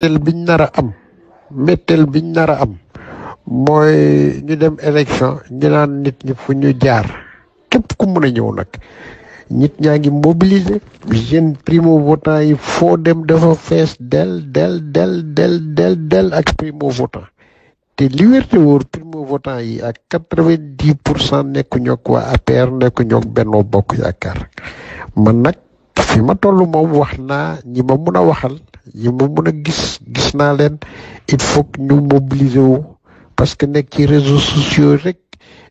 métteel biñ nar a am métteel biñ nar a am mooy ñu dem élection ñu naan nit ñi fu ñu jaar képp ku mun a ñëw nag nit ñaa ngi mobiliser jeune primo votant yi foo dem dafa fees del del del del del ak primo votant te li wér te wóor yi ak quatre-vingt-dix pour cent nekku ñoog waa APR nekku ñoog Benno Bokk Yaakaar man nag fi ma tollu moom wax naa ñi ma mun a waxal yi ma mën a gis gis naa leen il faut que ñu mobiliser parce que nekk ci réseaux sociaux rek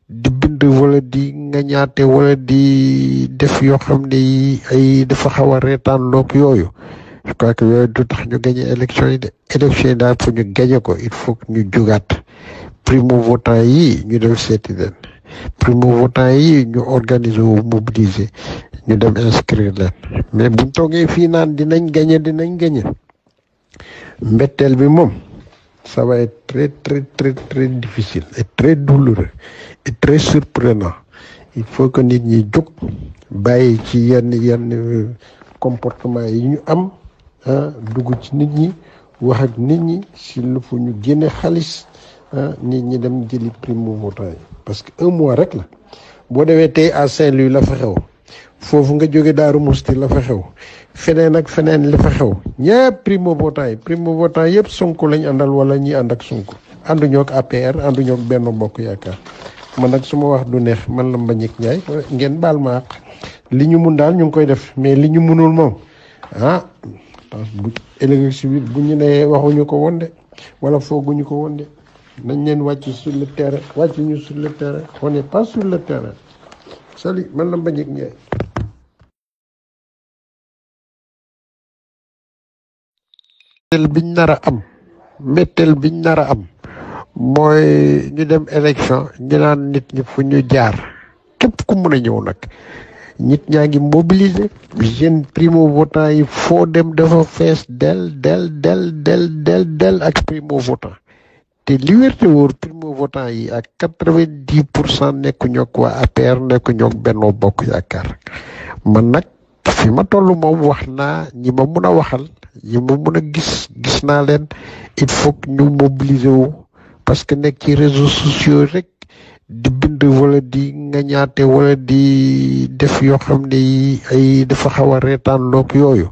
di bind walla di ngañaate wala di def yoo xam ne yi ay dafa xaw a reetaan loog yooyu je crois que yooyu du tax ñu gagné élection yi de élection yi daal pour ñu gagné ko il faut ñu jugaat primo votant yi ñu dem seeti leen primo votant yi ñu organiser wu mobiliser ñu dem inscrire leen mais buñ toogee fii naan dinañ gagné dinañ gagné mais bi ça va être très très très très difficile très douloureux et très surprenant il faut que nous ñi juk ci yenn yenn euh, comportement yi ñu lu fu hein, parce que mois rek la été à Saint-Louis la fofu nga joge daru musti la fa xew feneen ak feneen la fa xew ñepp primo votant primo votant yëpp sonku lañ andal wala ñi and ak sonku andu ñok APR andu ñok benn mbokk Yaakaar man nak suma wax du neex man la Mbagnick ñay ngeen li ñu mu ndal ñu koy def mais li ñu munul moom ah bu élection bi bu ñu waxu ñu ko woon de wala ñu ko woon de nañ leen wàcc sur le terrain ñu sur le terrain on n'est pas sur le terrain salut man la ñay mbetteel biñ nar a am mbetteel biñ nar a am mooy ñu dem élection ñu naan nit ñi fu ñu jaar képp ku mun a ñëw nag nit ñaa ngi mobiliser jeune primo votant yi foo dem dafa fees del del del del del ak primo votant te li wér te wóor yi ak quatre-vingt-dix pour cent nekku ñoog waa APR nekku ñoog Benno Bokk Yaakaar man nag fi ma toll moom wax naa ñi ma mun a waxal yi ma mën a gis gis naa leen il faut que ñu mobiliser parce que nekk ci réseaux sociaux rek di bind walla di ngañaate wala di def yoo xam ne yi ay dafa xaw a reetaan loog yooyu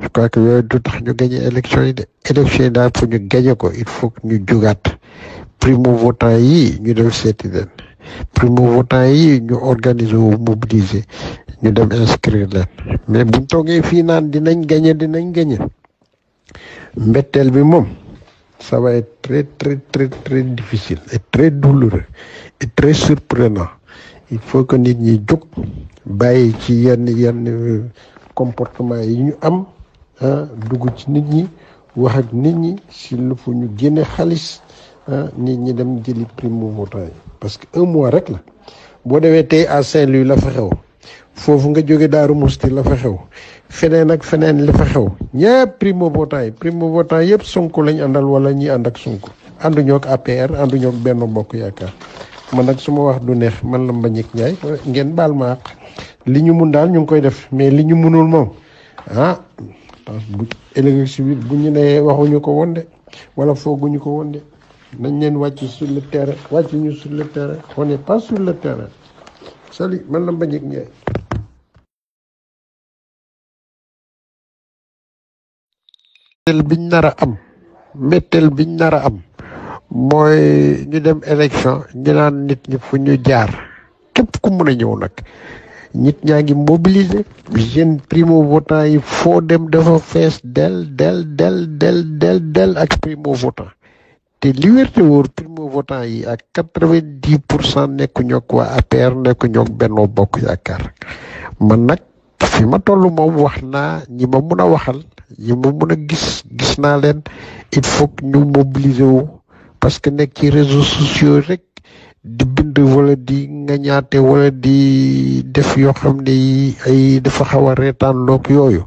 je crois que yooyu du tax ñu gagné élection yi de élection yi daal pour ñu gagné ko il faut ñu jugaat primo votant yi ñu dem seeti leen primo votant yi ñu organiser wu mobiliser ñu dem inscrire leen mais buñ toogee fii naan dinañ gagné dinañ gagné mbettel bi moom ça va être très très très très difficile et très douloureux et très surprenant il faut que nit ñi jóg bàyyi ci yenn yenn euh, comportement yi ñu am ah dugg ci nit ñi wax ak nit ñi si lu fu ñu génne xaalis ah nit ñi dem jëli prime mouvement yi parce que un mois rek la boo demee tey à Saint-Louis la fa fofu nga joge daru musti la fa xew feneen ak feneen la fa xew ñepp primo votant primo votant yëpp Sonko lañ andal wala ñi and ak Sonko andu ñok APR andu ñok benn mbokk Yaakaar man nak suma wax du neex man la mbañik ñay ngeen baal ma li ñu mun ñu koy def mais li ñu ah bu élection bi bu ñu waxu ñu ko woon de wala ñu ko woon de nañ leen wàcc sur le terrain wàcc ñu sur le terrain on n'est pas sur le terrain salut man la mbañik ñay métteel biñ nar a am métteel biñ nar a am mooy ñu dem élection ñu naan nit ñi fu ñu jaar képp ku mën a ñëw nag nit ñaa ngi mobiliser jeune primo votant yi foo dem dafa fees del del del del del del ak primo votant te li wér te wóor yi ak quatre vingt pour cent nekku ñoog waa APR nekku ñoog Benno Bokk Yaakaar man nag fi ma toll moom wax naa ñi ma mun a waxal ñi ma mun a gis gis naa leen il faut que ñu mobiliser parce que nekk ci réseaux sociaux rek di bind walla di ngañaate walla di def yoo xam ne ay dafa xaw a reetaan loog yooyu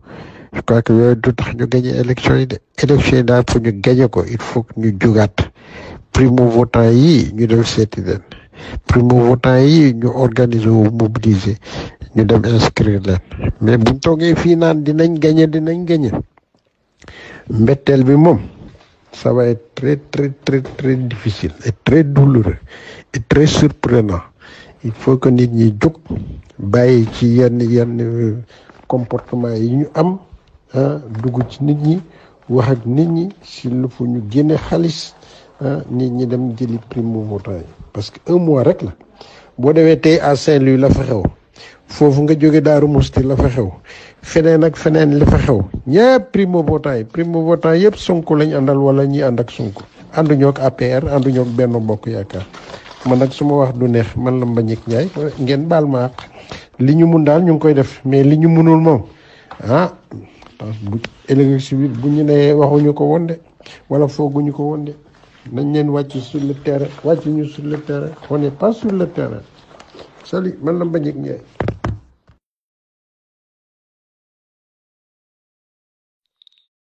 je crois que yooyu du tax ñu gagné élection yi de élection yi daal pour ñu gagné ko il faut ñu jugaat primo votant yi ñu def seeti leen primo votant yi ñu organiser wu ñu dem inscrire leen mais buñ toogee fii naan dinañ gagné dinañ gagné mbetteel bi moom ça va être très très très très difficile et très douloureux et très surprenant il faut que nit ñi jóg bàyyi ci yenn yenn euh, comportement yi ñu am ah dugg ci nit ñi wax ak nit ñi si lu fu ñu génne xaalis ah nit ñi dem jëli prime mouvement parce que un mois rek la boo demee tey à Saint-Louis la fa fofu nga joge daru musti la fa xew feneen ak feneen la fa xew ñepp primo votant primo votant yëpp Sonko lañ andal wala ñi and ak Sonko andu ñok APR andu ñok benn mbokk Yaakaar man nak suma wax du neex man la mbañik ñay ngeen li ñu mu ndal ñu koy def mais li ñu munul moom ah bu élection bi bu ñu waxu ñu ko woon de wala ñu ko woon de nañ leen wacc sur le terrain wacc ñu sur le terrain on est pas sur le terrain salut man la mbañik ñay